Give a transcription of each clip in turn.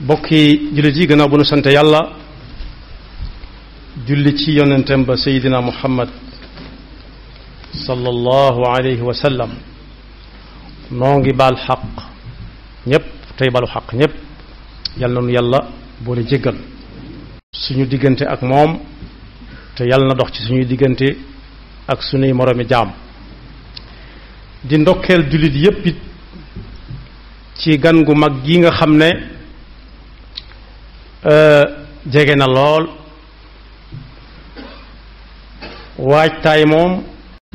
bokki jullit yi gannaaw bu nu sant yàlla julli ci yonenteem ba sayidina muhammad sallallahu alayhi wa sallam noo ngi baal xaq ñépp tey balu xaq ñépp yal na nu yàlla boole jéggal suñu diggante ak moom te yàlla na dox ci suñuy diggante ak suñuy moroomi jaam di ndokkeel jullit yépp ci gan gu mag gi nga xam ne Euh, jege na lool waajtaay moom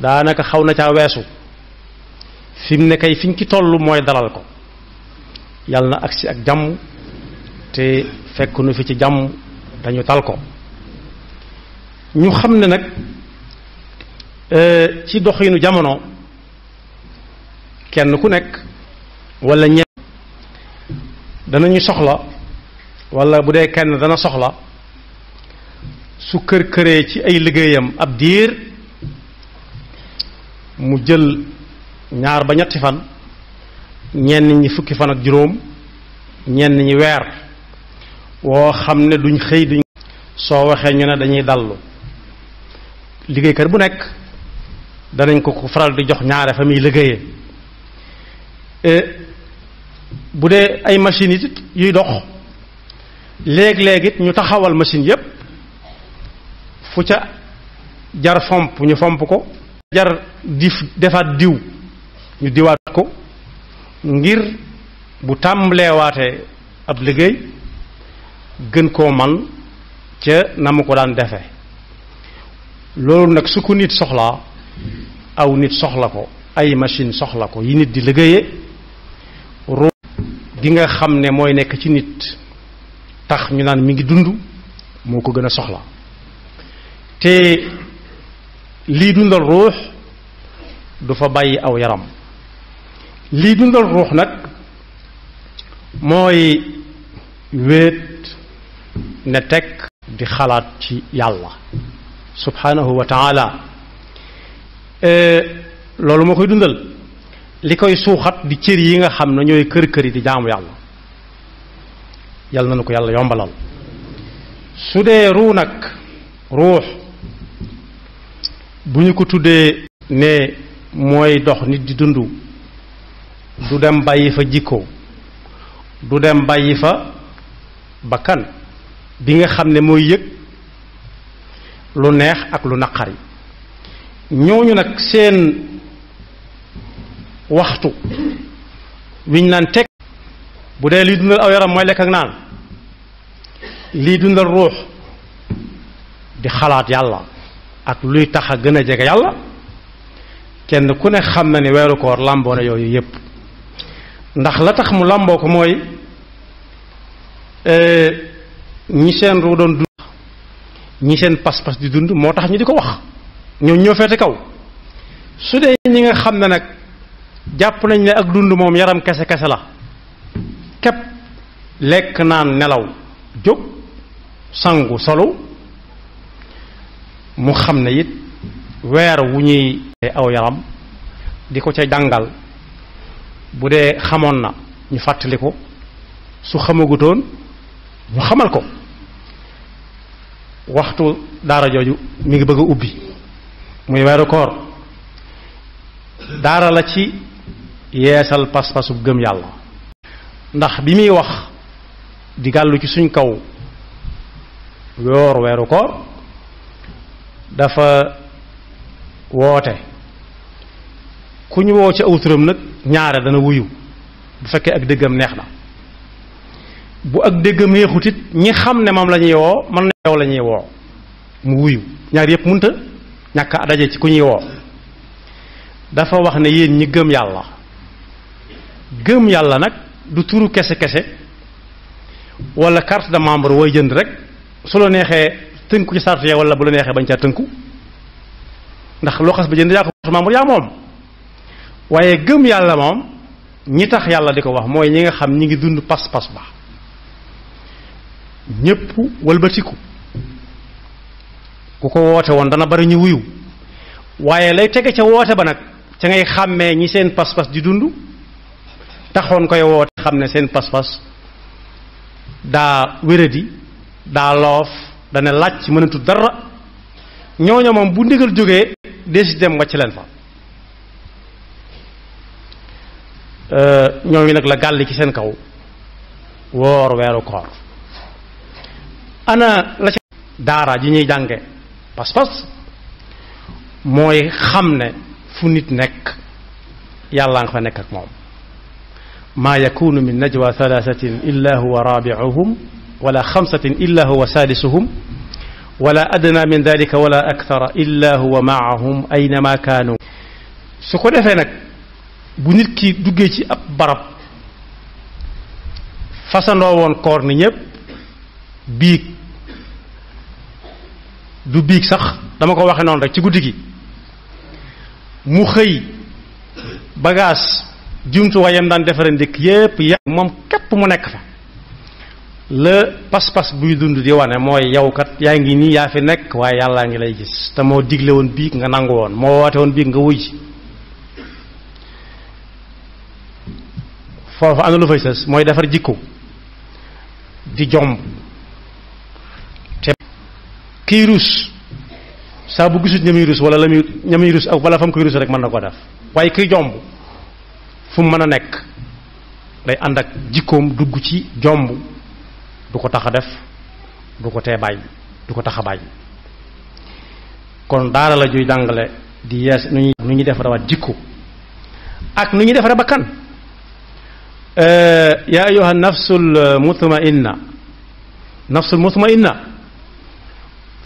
daanaka xaw na caa weesu fi mu ne kay fiñ ci toll mooy dalal ko yàlla na agsi ak jàmm te fekk fi ci jàmm dañu tal ko ñu xam ne nag euh, ci doxinu jamono kenn ku nekk wala ñe danañu soxla wala bu dee kenn dana soxla su kër këree ci ay liggéeyam ab diir mu jël ñaar ba ñetti fan ñenn ñi fukki fan ak juróom ñenn ñi weer woo xam ne duñ xëy duñ soo waxee ñu ne dañuy dallu liggéeykat bu nekk danañ ko ko faral di jox ñaare fa muy liggéeyee eh, bu dee ay machines it yuy dox léeg léegi ñu taxawal machine yépp fu ca jar fomp ñu fomp ko jar di defaat diw ñu diwaat ko ngir bu tàmbaleewaatee ab liggéey gën koo man ca na mu ko daan defe loolu nag su ko nit soxla aw nit soxla ko ay machine soxla ko yi nit di liggéeyee roo gi nga xam ne mooy nekk ci nit tax ñu naan mi ngi dund moo ko gën a soxla te lii dundal ruux du fa bàyyi aw yaram lii dundal ruux nag mooy wéet ne teg di xalaat ci yàlla subhanahu wa taala euh, loolu moo koy dundal li koy suuxat di cër yi nga xam ne ñooy kër kër yi di jaamu yàlla yàlla na nu ko yàlla yombalal su dee ruu nag ruux bu ñu ko tuddee ne mooy dox nit di dund du dem bàyyi fa jikko du dem bàyyi fa bakkan bi nga xam ne mooy yëg lu neex ak lu naqari ñooñu nag seen waxtu wiñ naan teg bu dee liy dundal aw yaram mooy lekk ak naan lii dundal ruux di xalaat yàlla ak luy tax a gën a jege yàlla kenn ku ne xam na ni weeru koor làmboo na yooyu yépp ndax la tax mu làmboo ko mooy eh, ñi seen ruu doon dund ñi seen pas-pas di dund moo tax ñu di ko wax ñoo ñoo feete kaw su dee ñi nga xam ne nag jàpp nañ ne ak dund moom yaram kese kese la képp lekk naan nelaw jóg sangu solu mu xam ne it weer wu ñuy aw yaram di ko ca jàngal bu dee xamoon na ñu fàttali ko su xamagutoon mu xamal ko waxtu daara jooju mi ngi bëgg a ubbi muy weeru koor daara la ci yeesal pas-pasu gëm yàlla ndax bi muy wax di gàllu ci suñ kaw woor weeru koor dafa woote ku ñu woo ci aw turam nag ñaare dana wuyu bu fekkee ak déggam neex na bu ak dëggam neexut it ñi xam ne moom la ñuy woo mën na yow la ñuy woo mu wuyu ñaar yépp munta ñàkk a daje ci ku ñuy woo dafa wax ne yéen ñi gëm yàlla gëm yàlla nag du turu kese kese wala carte de membre wooy jënd rek su la neexee tënku ci sart ya wala bu la neexee bañ caa tënku ndax loo xas ba jënd yaa ko membre yaa moom waaye gëm yàlla moom ñi tax yàlla di ko wax mooy ñi nga xam ñi ngi dund pas-pas ba ñépp walbatiku ku ko woote woon dana bari ñu wuyu waaye lay tege ca woote ba nag ca ngay xàmmee ñi seen pas-pas di dund taxoon koy woote xam ne seen pas-pas daa wéradi daa loof dana làcc mënatu dara ñooñu moom bu ndigal jógee desi dem wàcc leen fa euh, ñooñu nag la gàll ci seen kaw woor weeru koor ana la ci daara ji ñuy jànge pas-pas mooy xam ne fu nit nekk yàlla nga fa nekk ak moom maa yakunu min najwa thalathatin illa huwa rabi'uhum wala xamsatin illa huwa saadisuhum wala adna min dalika wala akthara illa huwa maahum aynama kaanu su ko defee nag bu nit ki duggee ci ab barab fasandoo woon koor ni ñépp biig du biig sax dama ko waxe noonu rek ci guddi gi mu xëy bagaas jumtuwaayam daan defare ndékk yépp ya moom képp mu nekk fa Le pas-pas buy dund di wane moy yow kat yaa ngi nii yaa fi nek waaye yalla ngi lay gis te mo digle won bi nga nang won mo woote won bi nga wuy fofu ana lu fay ses moy defar jikko di jom te kirus sa bu gisut ñamirus wala lamuy ñamirus ak wala fam koy rus rek man nako def way ki jom fu meuna nek day andak ak dugg ci jombu du ko dukota def du ko tee bàyyi du ko bàyyi kon daara la juy jàngale di yees nu ñuy nu ñuy jikko ak nu def ra bakkan ya ayuha nafsul mutmainna nafsul mutmainna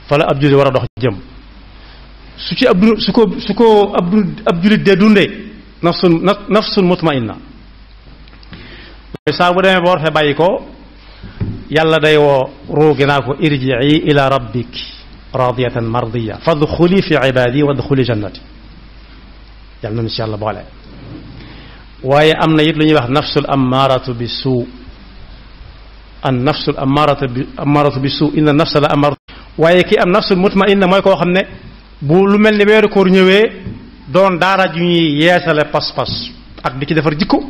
fala ab jullit war a dox jëm su ci ab su ko su ko ab ab jullit dee nafsul nafsul mutmainna saa bu demee war ko yàlla day woo ruugi naa ko irjii ila rabbik radiyatan mardiya fadxuli fi ibaadi wadxuli jannati yàlla boole waaye am na it lu ñuy wax nafsul ammaaratu bi suu an nafsul ammaaratu bi ammaaratu bi suu inna nafsa la ammaaratu waaye ki am nafsul mutmainna mooy koo xam ne bu lu mel ni weeru koor ñëwee doon daara ju ñuy yeesale pas-pas ak di ci defar jikko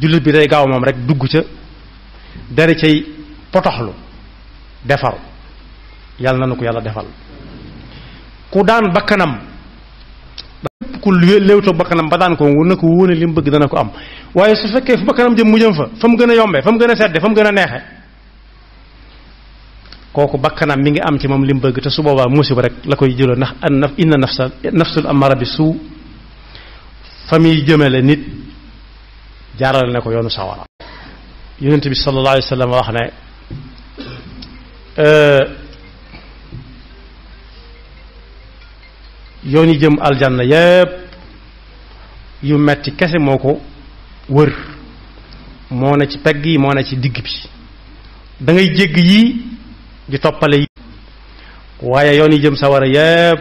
jullit bi day gaaw moom rek dugg ca dara cay potoxlu defar yàlla na nu ko yàlla defal ku daan bakkanam ku léewtoo bakkanam ba daan ko wun na ko wóone li mu bëgg dana ko am waaye su fekkee fu bakkanam jëm mu jëm fa fa mu gën a yombee fa mu gën a sedde fa mu gën a neexe kooku bakkanam bi ngi am ci moom li mu bëgg te su boobaa musiba rek la koy jëloo ndax an naf inna nafsa nafsul amara bi suu fa muy jëmale nit jaaral ne ko yoonu sawara yonent bi sallallahu alayhi wa sallam wax ne euh, yoon yi jëm aljana yépp yu metti kese moo ko wër moo na ci pegg yi moo na ci digg bi dangay jégg yii di toppale yi waaye yoon yi jëm sawara yépp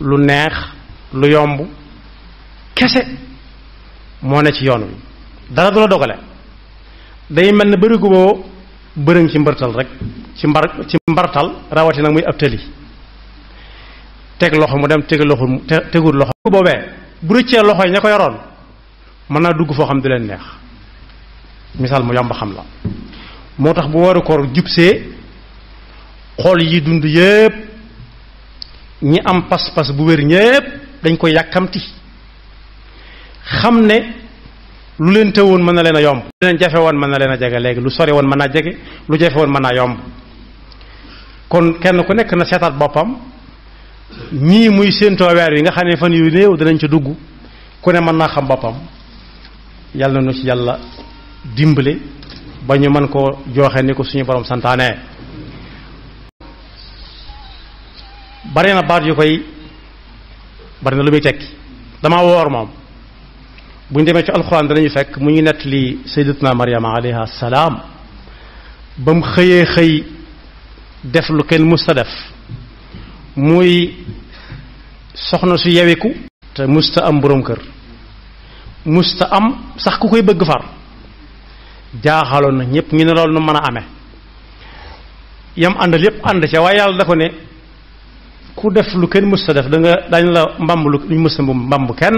lu neex lu yomb kese moo na ci yoon wi dara du la dogale day melni ne bo beureng ci mbartal rek ci mbar ci mbartal rawati nak muy ab tek loxo mu dem tek loxo tegul loxo bobé bu rëccee loxo ñako yoron man na dugg fo xam du len neex misal mu yamba xam la motax bu waru kor jupsé xol yi dund yépp ñi am pas-pas bu wër ñépp dañ ko yakamti xamne lu leen tëwoon mën na leen a yomb lu leen jafe woon mën na leen a jege léegi lu sore woon mën naa jege lu jafe woon mën naa yomb kon kenn ku nekk na seetaat boppam nii muy séentoo weer wi nga xam ne fan yu néew dinañ ci dugg ku ne mën naa xam boppam yàlla na nu ci yàlla dimbale ba ñu mën koo jooxe ni ko suñu borom santaane bari na baat yu koy bari na lu muy tekki dama woor moom buñ démé ci alcorane dañuy fekk mu ñu nett li sayyidatuna maryam alayha salam bam xeyé xëy def lu kenn musta def muy soxna su yewiku te musta am borom kër musta am sax ku koy bëgg far jaaxaloon na ñépp ñu ne loolu nu mën a amee yam àndal yépp ànd ca waaye yàlla da ko ne ku def lu kenn musta def da nga dañ la mbamb lu ñu musta mbamb kenn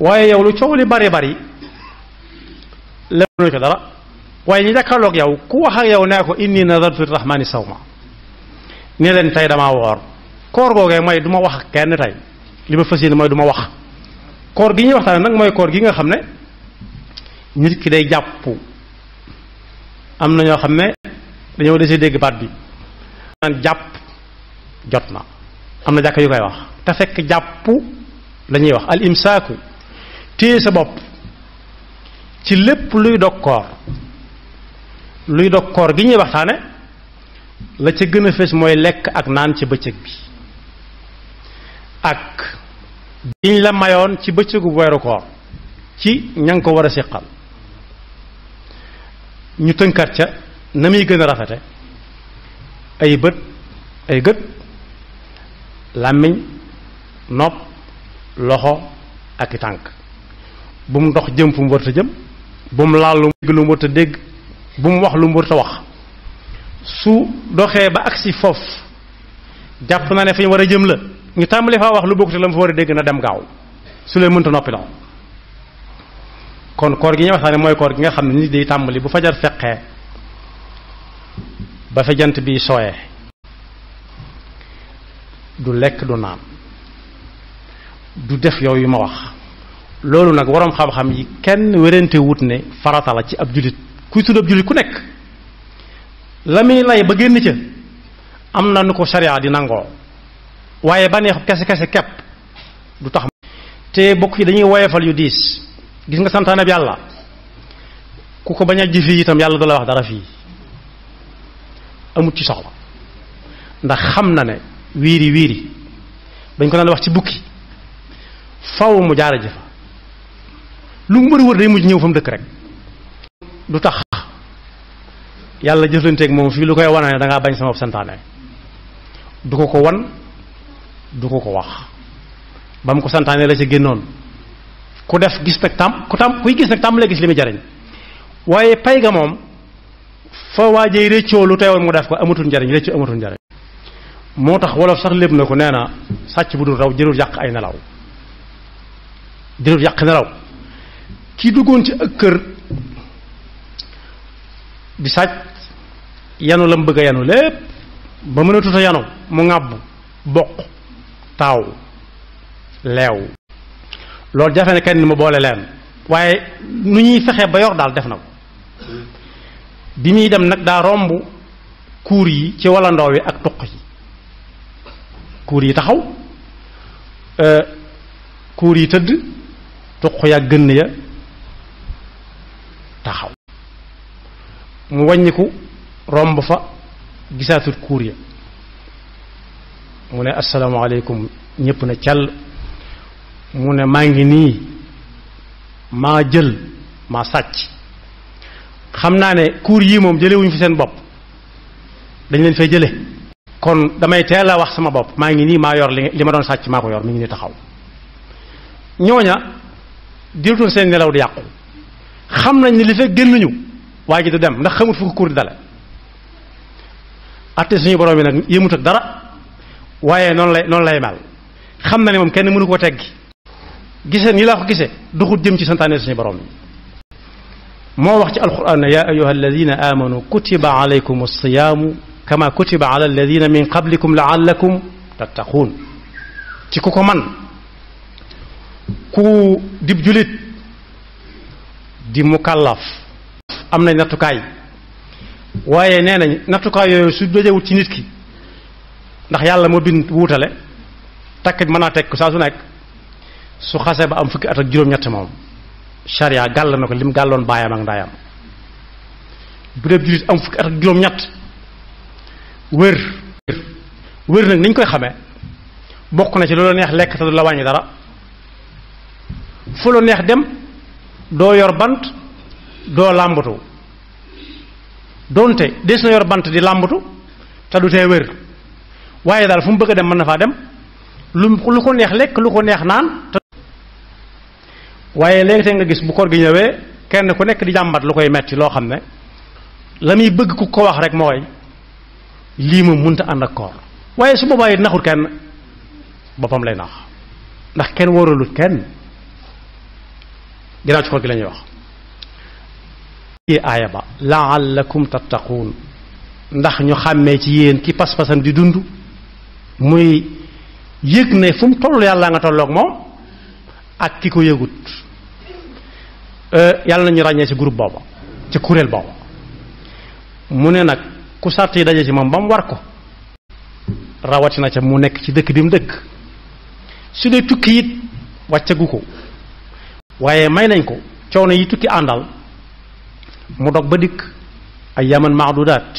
waaye yow lu coow li bari bari lëkkaloo ko dara waaye ñi jàkkaarloog yow ku wax ak yow nee ko inni nadartu rahmaani sawma ne leen tey damaa woor koor googee mooy du ma wax kenn tey li ma fas yéene mooy du ma wax koor gi ñuy waxtaane nag mooy koor gi nga xam ne nit ki day jàpp am na ñoo xam ne dañoo desee dégg baat bi naan jàpp jot na am na jàkk yu koy wax te fekk jàpp la ñuy wax al imsaaku téye sa bopp ci lépp luy dog koor luy dog koor gi ñuy waxtaane la ca gën a fees mooy lekk ak naan ci bëccëg bi ak giñ la mayoon ci bëccëgu weeru koor ci ña ngi ko war a siqal ñu tënkat ca na muy gën a rafete ay bët ay gët làmmiñ nopp loxo ak tànk bu mu dox jëm fu mu warta jëm bu mu laal lu mu warta dégg bu mu wax lu mu warta wax su doxee ba agsi foofu jàpp na ne fi ñu war a jëm la ñu tàmbali faa wax lu bokkute la mu fa war a dégg na dem gaaw su leen mënta noppi la kon koor gi ñu waxtaane mooy koor gi nga xam ne nit day tàmbali bu fajar feqee ba fa jant bi sooyee du lekk du naan du def yow yooyu ma wax loolu nag waroom xam-xam yi kenn wérante wut ne farata ci ab jullit kuy tudd ab jullit ku nekk la muy lay ba génn ca am na nu ko sharia di nangoo waaye baneexu kese kese kepp du tax te bokk yi dañuy woyefal yu diis gis nga santaane bi yàlla ku ko bañ a jëfee itam yàlla du la wax dara fii amut ci soxla ndax xam na ne wiiri wiiri bañ ko daan wax ci bukki faw mu jaara jëfa lu mu mën a wër day mujj ñëw fa mu dëkk rek du tax yàlla jëflanteeg moom fii lu koy wane ne da ngaa bañ sama santaane du ko ko wan du ko ko wax ba mu ko santaane la ci génnoon ku def gis nag tam ku tam kuy gis nag tàmbalee gis li muy jariñ waaye pay ga moom fa waajee réccoo lu teewoon mu def ko amatul njariñ réccoo amatul njariñ moo tax wolof sax lépp na ko nee na sàcc bu dul raw jërul yàq ay nelaw jërul yàq nelaw kii duggoon ci ak kër di sàcc yanu la mu bëgg a yanu lépp ba mënatut a yenu mu ŋàbb boq taaw leew loolu jafe na kenn ni mu boole leen waaye nu ñuy fexee ba yor daal def na ko bi muy dem nag daa romb kuur yi ci walla wallandoo yi ak tuq yi kuur yi taxaw euh, kuur yi tëdd tuq ya gënn ya taxaw mu wàññiku romb fa gisaatul kuur ya mu ne asalaamaaleykum ñépp na càll mu ne maa ngi nii maa jël maa sàcc xam naa ne kuur yii moom jëlewuñu fi seen bopp dañ leen fay jële kon damay teel a wax sama bopp maa ngi nii maa yor li ma doon sàcc maa ko yor mi ngi nii taxaw ñooña dirutoon seen nelaw di yàqu xam nañ ne li fekk génn ñu waaye ji dem ndax xamul fu ko kuur dale atte suñu borom bi nag yëmut ak dara waaye noonu lay noonu lay mel xam na ne moom kenn mënu ko teggi gisee ni la ko gisee duxul jëm ci santaane suñu borom bi moo wax ci alquran ne yaa ayuha alladina amanu kutiba alaykum alsiyaamu kama kutiba ala alladina min qablikum laallakum tattaquun ci ku ko man ku dib julit di mukallaf amna nañ nattukaay waaye nee nañ nattukaay yooyu su dajewut ci nit ki ndax yàlla mo bind wutale takk bi tek sa su nek su xasse ba am fukki at ak juróom-ñett mom sharia gal nako lim galon bayam ak ndayam bu dee julit am fukki at ak juróom-ñett wér wér nak niñ koy xamé bokku na ci loolu neex lek te du la wàññi dara fu la neex dem doo yor bant doo làmbatu doonte des na yor bant di làmbatu te du tee wér waaye daal fu mu bëgg a dem mën na faa dem lu lu ko neex lekk lu ko neex naan te waaye léegi te nga gis bu koor gi ñëwee kenn ku nekk di jàmbat lu koy metti loo xam ne la muy bëgg ku ko wax rek mooy lii moom mënta ànd ak koor waaye su boobaa it naxut kenn boppam lay nax ndax kenn wóoralut kenn ginnaaw ci koor gi la ñuy wax la aaya ba laallakum ndax ñu xàmmee ci yéen ki pas-pasam di dund muy yëg na fu mu yàlla nga tolloog moom ak ki ko yëgut euh, yàlla nañu ràññee ci groupe booba ci kuréel booba mu ne nag ku sart yi daje ci moom ba mu war ko rawatina ca mu nekk ci dëkk bi mu dëkk su dee tukki it wàccagu ko waaye may nañ ko coono yi tukki àndal mu dog ba dikk ayyaman maadudaat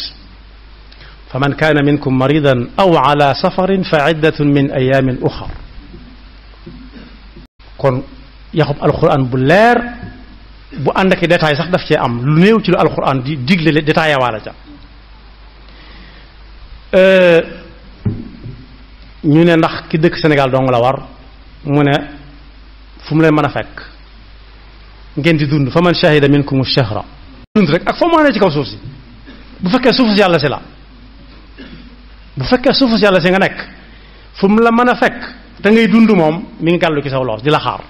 fa man kaana minkum maridan aw ala safarin fa iddatun min ayamin uxar kon yaxub alquran bu leer bu ànd ak détail sax daf cee am lu néew ci lu alquran di digle le détail waala ca ñu ne ndax ki dëkk Sénégal dong la war mu ne fu mu leen mën a fekk ngeen di dund fa man shahida minkum ash shahra dund rek ak fa mané ci kaw soufsi bu fekké suufu yàlla si la bu fekké suufu yàlla si nga nekk fu la mëna fekk da ngay dund mom mi ngi gàllu ci saw loof di la xaar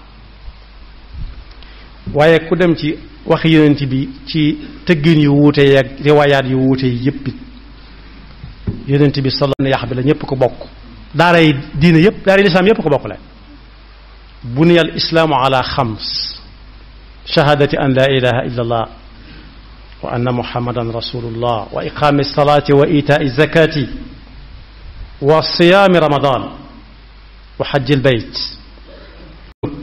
waye ku dem ci wax yoonenti bi ci tëggin yu wuté yi ak riwaayaat yu wuté yëpp yoonenti bi sallallahu alayhi yax bi ñëpp ko bokk daaray diine yëpp daaray lislaam yëpp ko bokk la buniyal islam ala khams شهادة أن لا إله إلا الله وأن محمدا رسول الله وإقام الصلاة وإيتاء الزكاة وصيام رمضان وحج البيت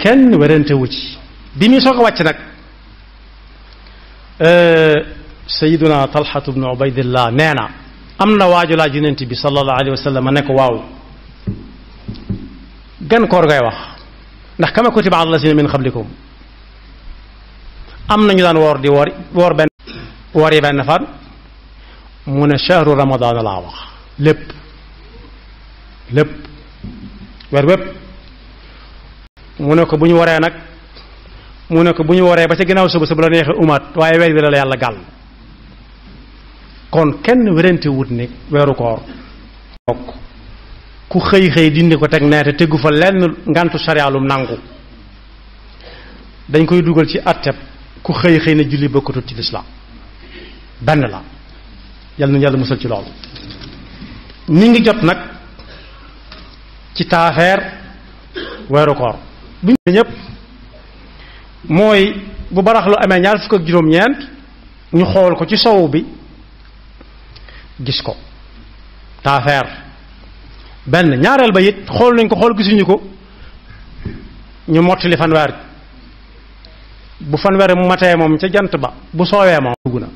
كان ورنتوجي بمي سوق واتنك أه، سيدنا طلحة بن عبيد الله نانا أمنا واجل جننتي بصلى الله عليه وسلم أنك واو gan كورغيوه نحكم كتب على الله من قبلكم am nañu daan woor di woor woor benn woor yi benn fan mu ne shahru ramadaan laa wax lépp lépp weer wépp mu ne ko bu ñu waree nag mu ne ko bu ñu waree ba ci ginnaaw suba suba la neexee umaat waaye weer wi la yàlla gàll kon kenn werantewut wut ne weeru koor bokk ku xëy xëy dindi ko teg nee te tegu fa lenn ngantu sariyaalum nangu dañ koy dugal ci atteb ku xëy xëy na julli bokkatul ci l'islam benn la yàlla nañu yàlla musal ci loolu ni ngi jot nag ci taafeer weeru koor bu ñu ñëpp mooy bu barax lu amee ñaar fukk ak juróom-ñeent ñu xool ko ci sow bi gis ko taafeer benn ñaareel ba it xool nañ ko xool gisuñu ko ñu mottali fanweer bu fanweeri mu matee moom ca jant ba bu soowee moom dugg na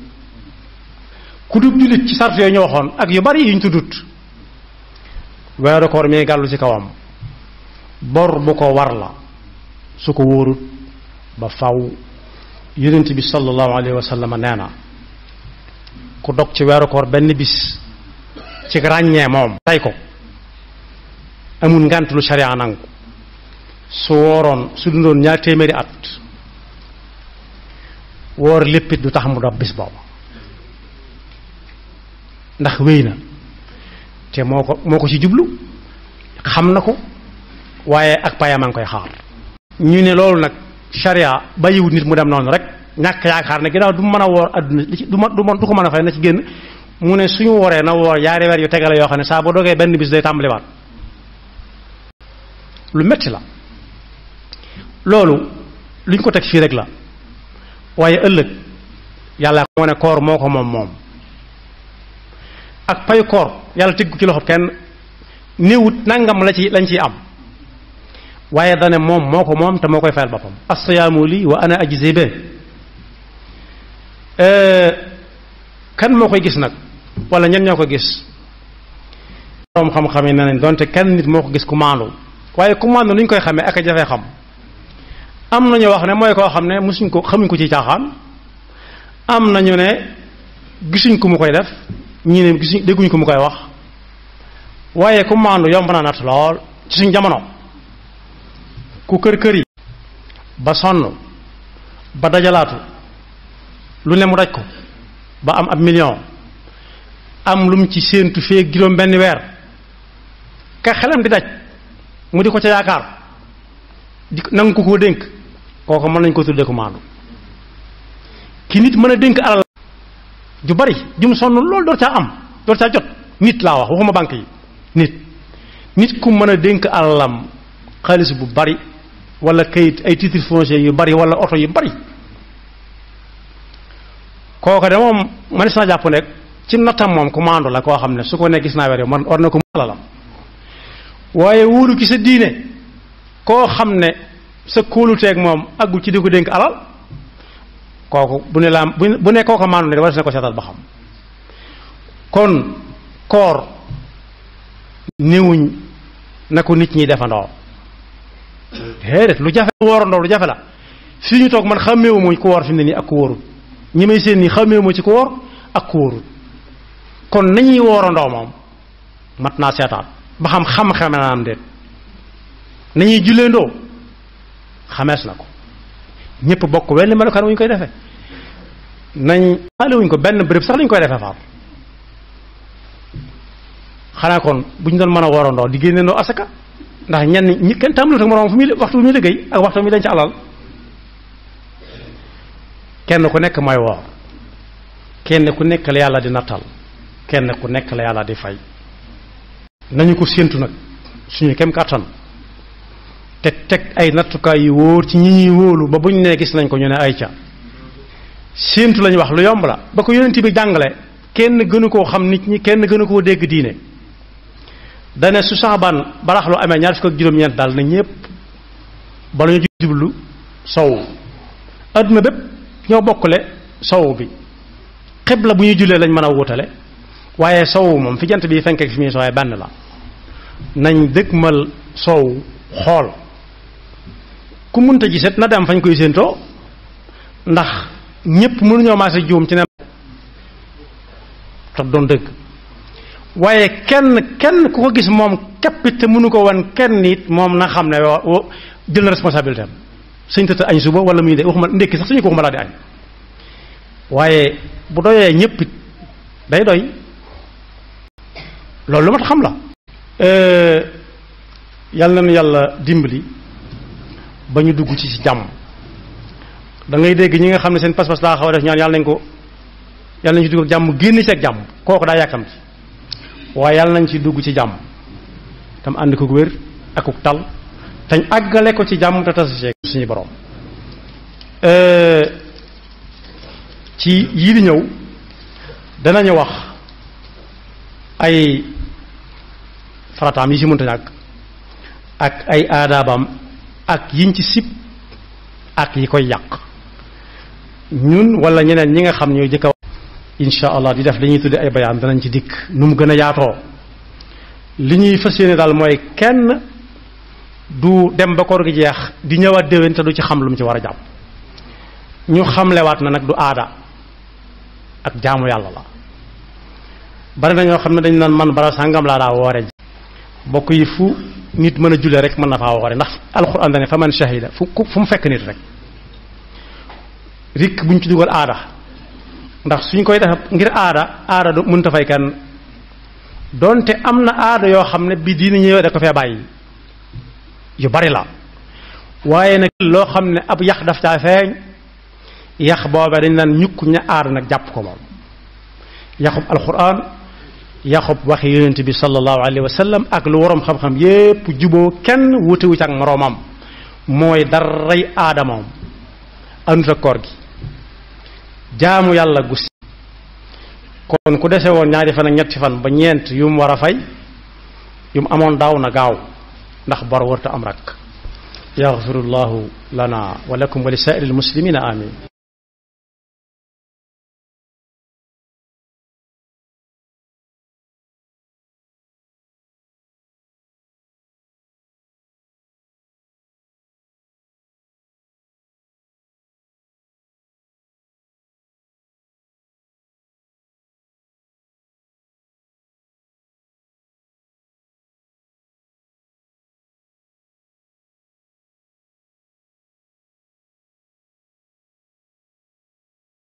ku dub jullit ci sart yooyu ñu waxoon ak yu bari yuñ tuddut weeru koor gàllu ci kawam bor bu ko war la su ko wóorut ba faw yonent bi sallallahu alayhi wa sallam ku dog ci weeru benn bis ci ràññee moom tey ko amul ngant lu sharia nangu su wooroon su dundoon ñaar téeméeri at woor léppit du tax mu dab bis boobu ndax wéy na te moo ko moo ko ci jublu xam na ko waaye ak payam a ngi koy xaar ñu ne loolu nag ba bàyyiwut nit mu dem noonu rek ñàkk yaakaar ne ginnaaw du mën a woor adduna li ci du ma du ma du ko mën a fay na ci génn mu ne suñu woree na woor yaari weer yu tegale yoo xam ne saa boo dogee benn bis day tàmbaliwaat lu metti la loolu luñ ko teg fii rek la waye ëllëg yàlla ko woné koor moko mom mom ak pay koor yàlla tëgg ci loxof kenn newut nangam la ci lañ ci am waye dane mom moko mom te mokoy fayal bopam as-siyamu li wa ana ajzi bi kan mokoy gis nak wala ñan ñoko gis borom xam-xam yi nañ donte kenn nit moko gis ku maandu waye ku maandu nu koy xamé ak jafé xam am nañu wax ne mooy koo xam ne musuñ ko xamuñ ko ci caaxaan am nañu ne gisuñ ko mu koy def ñii ne gisuñ dégguñ ko mu koy wax waaye ku maandu yomb naa natt lool ci suñ jamono ku kër kër yi ba sonn ba dajalaatu lu ne mu daj ko ba am ab million am lu mu ci séentu fee juróom benn weer ka xelam di daj mu di ko ca yaakaar di nangu ko koo dénk koko man lañ ko tuddee ko maandu ki nit mën a alal ju bari jum sonn lol do ta am door ta jot nit la wax waxuma bank yi nit nit ku mën a alalam bu bari wala kayit ay titre foncier yu bari wala auto yu bari koko de mom man sa japp nek ci nattam mom ku maandu la ko xamne su ko nek gis na wéré man orna ko alalam waye wuru ki sa diine sa kóoluteeg moom aggu ci di ko dénk alal kooku bu ne laa bu ne kooku maanu ne war na ko seetal ba xam kon koor néewuñ na ko nit ñi defandoo déedéet lu jafe woorandoo lu jafe la fii ñu toog man xàmmeewu mooy ku woor fi mu ne nii ak ku wóorul ñi may seen nii xàmmeewu ci ku woor ak ku wóorul kon nañuy woorandoo moom mat naa seetaan ba xam xam-xam naa am déet nañuy julleendoo xamees na ko ñëpp bokk wenn melokaan wu ñu koy defe nañ xaale wuñ ko benn béréb sax lañ koy defee faam xanaa kon bu ñu doon mën a warandoo di génneendoo asaka ndax ñenn ñi kenn tàmbalut ak moroom fu muy waxtu muy liggéey ak waxtu mi dañ ci alal kenn ku nekk may woor kenn ku nekk la yàlla di nattal kenn ku nekk la yàlla di fay nañu ko séentu nag suñu kem kàttan te teg ay nattukaay yu wóor ci ñi ñuy wóolu ba buñ nee gis nañ ko ñu ne ay ca séentu lañ wax lu yomb la ba ko yonent bi jàngale kenn gënu koo xam nit ñi kenn gënu koo dégg diine dane su saabaan barax lu amee ñaar fukk ak juróom-ñeent daal nañ ñépp bala ñu jublu sow adduna bépp ñoo bokkule sow bi la bu ñu jullee lañ mën a wutale waaye sow moom fi jant bi fenk ak fi muy sooy benn la nañ dëgmal sow xool ku munta giset na dem fañ koy séentoo ndax ñépp mënuñoo maase juum ci ne te doon dëgg waaye kenn kenn ku ko gis moom képp te mënu ko wan kenn it moom na xam ne wa jël na responsabilité am suñ tëdd añ suba wala muy de waxuma ndékki sax suñu ko waxuma laa di añ waaye bu doyee ñépp day doy loolu lu mat xam la euh, yàlla na nu yàlla dimbali ba ñu dugg ci si jàmm dangay dégg ñi nga xam ne seen pas-pas laa xaw a def ñaan yàlla nañ ko yàlla nañ ci dugg ak jàmm génn ci ak jàmm kooku daa yàkkam waaye yàlla nañ ci dugg ci jàmm tam ànd ko wér akuk tal tañ àggale ko ci jàmm te tasa seeg suñu euh, ci yii di ñëw danañu wax ay farataam yi ci mënta ñàkk ak ay aadaabam ak yiñ ci sib ak yi koy yàq ñun wala ñeneen ñi nga xam ñooy jëkk a di def li ñuy tudde ay bayaam danañ ci dikk nu mu gën a yaatoo li ñuy fas yéene daal mooy kenn du dem ba koor gi jeex di ñëwaat déwén te du ci xam lu mu ci war a jàpp ñu xamlewaat na nag du aada ak jaamu yàlla la bari ñoo xam ne dañu naan man bara sàngam laa daa woore ji bokk yi fu nit meuna a julle rek mën na faa woxore ndax alquran dane fa man shahida fu fu mu fekk nit rek rik buñ ci dugal aada ndax suñ koy def ngir aada do mën ta fay kan donte amna na yo xamné bi diina ñëw da ko fe bàyyi yu bari la waye nak lo xamné ab yakh daf caa feeñ yax booba dañ nan ñuk ñu aada nak jàpp ko mom yakhum alquran yaxub waxi yonent bi sallallahu alayhi wa sallam ak lu warom xam-xam yépp juboo kenn wutewu ci ak moroomam mooy daray aadamaam anuta koor gi jaamu yàlla gu kon ku dese woon ñaari fan ak ñetti fan ba ñeent yu mu war a fay yu mu amoon daaw na gaaw ndax bor warta am rak yaxfirullahu lana wa lakum wa li saa'iri almuslimina amin